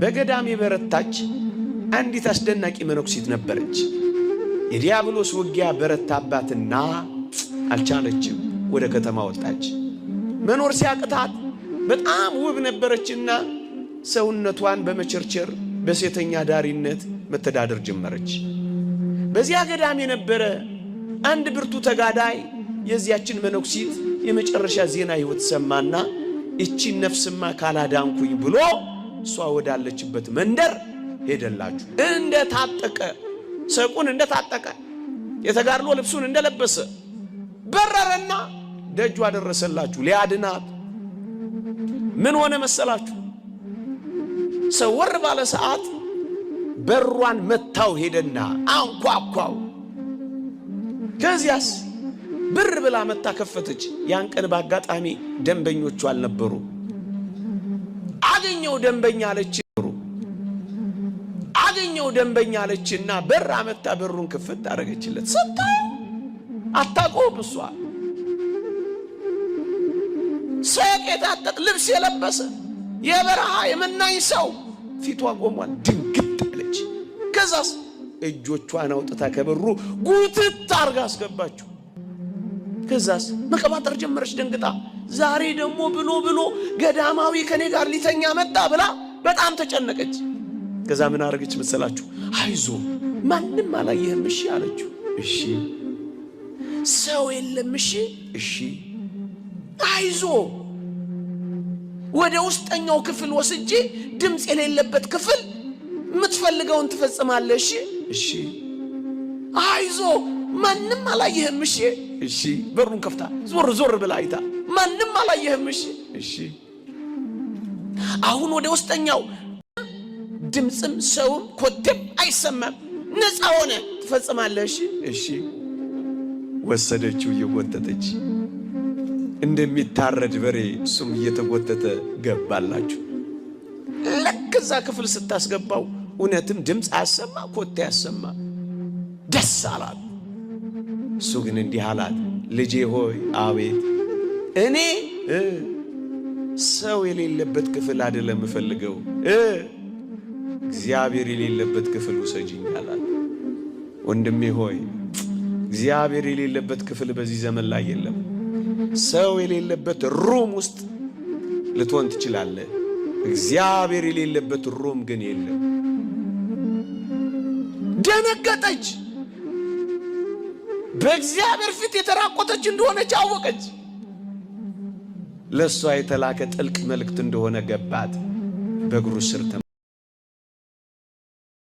በገዳም የበረታች አንዲት አስደናቂ መነኩሲት ነበረች። የዲያብሎስ ውጊያ በረታባትና አልቻለችም። ወደ ከተማ ወጣች። መኖር ሲያቅታት በጣም ውብ ነበረችና ሰውነቷን በመቸርቸር በሴተኛ ዳሪነት መተዳደር ጀመረች። በዚያ ገዳም የነበረ አንድ ብርቱ ተጋዳይ የዚያችን መነኩሲት የመጨረሻ ዜና ሕይወት ሰማና እቺን ነፍስማ ካላዳንኩኝ ብሎ እሷ ወዳለችበት መንደር ሄደላችሁ። እንደ ታጠቀ ሰቁን እንደ ታጠቀ የተጋድሎ ልብሱን እንደለበሰ በረረና ደጁ አደረሰላችሁ ሊያድናት። ምን ሆነ መሰላችሁ? ሰወር ባለ ሰዓት በሯን መታው፣ ሄደና አንኳኳው። ከዚያስ ብር ብላ መታ ከፈተች። ያን ቀን በአጋጣሚ ደንበኞቹ አልነበሩ። አገኘው ደንበኛ አለች አገኘው ደንበኛ አለችና በር አመታ በሩን ክፍት አደረገችለት። ስታየው አታቆም እሷ ሰቅ የታጠቅ ልብስ የለበሰ የበረሃ የመናኝ ሰው ፊቷ ቆሟል። ድንግጥ አለች። ከዛስ እጆቿን አውጥታ ከበሩ ጉትት አርጋ አስገባችው። ከዛስ መቀባጠር ጀመረች ደንግጣ ዛሬ ደግሞ ብሎ ብሎ ገዳማዊ ከኔ ጋር ሊተኛ መጣ ብላ በጣም ተጨነቀች። ከዛ ምን አረገች መሰላችሁ? አይዞ ማንም አላየህም እሺ አለችው። እሺ ሰው የለም እሺ እሺ አይዞ ወደ ውስጠኛው ክፍል ወስጄ ድምፅ የሌለበት ክፍል የምትፈልገውን ትፈጽማለህ። እሺ እሺ አይዞ ማንም አላየህም እሺ እሺ በሩን ከፍታ ዞር ዞር ብላ አይታ ማንም አላየህም። እሺ፣ እሺ። አሁን ወደ ውስጠኛው ድምፅም ሰውም ኮቴም አይሰማም። ነፃ ሆነ ትፈጽማለህ። እሺ፣ እሺ። ወሰደችው እየጎተተች እንደሚታረድ በሬ እሱም እየተጎተተ ገባላችሁ። ልክ እዛ ክፍል ስታስገባው እውነትም ድምፅ አያሰማ፣ ኮቴ አያሰማ። ደስ አላት። እሱ ግን እንዲህ አላት፣ ልጄ ሆይ አቤት እኔ ሰው የሌለበት ክፍል አይደለም የምፈልገው እግዚአብሔር የሌለበት ክፍል ውሰጅኝ አላል። ወንድሜ ሆይ እግዚአብሔር የሌለበት ክፍል በዚህ ዘመን ላይ የለም። ሰው የሌለበት ሩም ውስጥ ልትሆን ትችላለህ። እግዚአብሔር የሌለበት ሩም ግን የለም። ደነገጠች። በእግዚአብሔር ፊት የተራቆተች እንደሆነች አወቀች። ለእሷ የተላከ ጥልቅ መልእክት እንደሆነ ገባት። በእግሩ ስር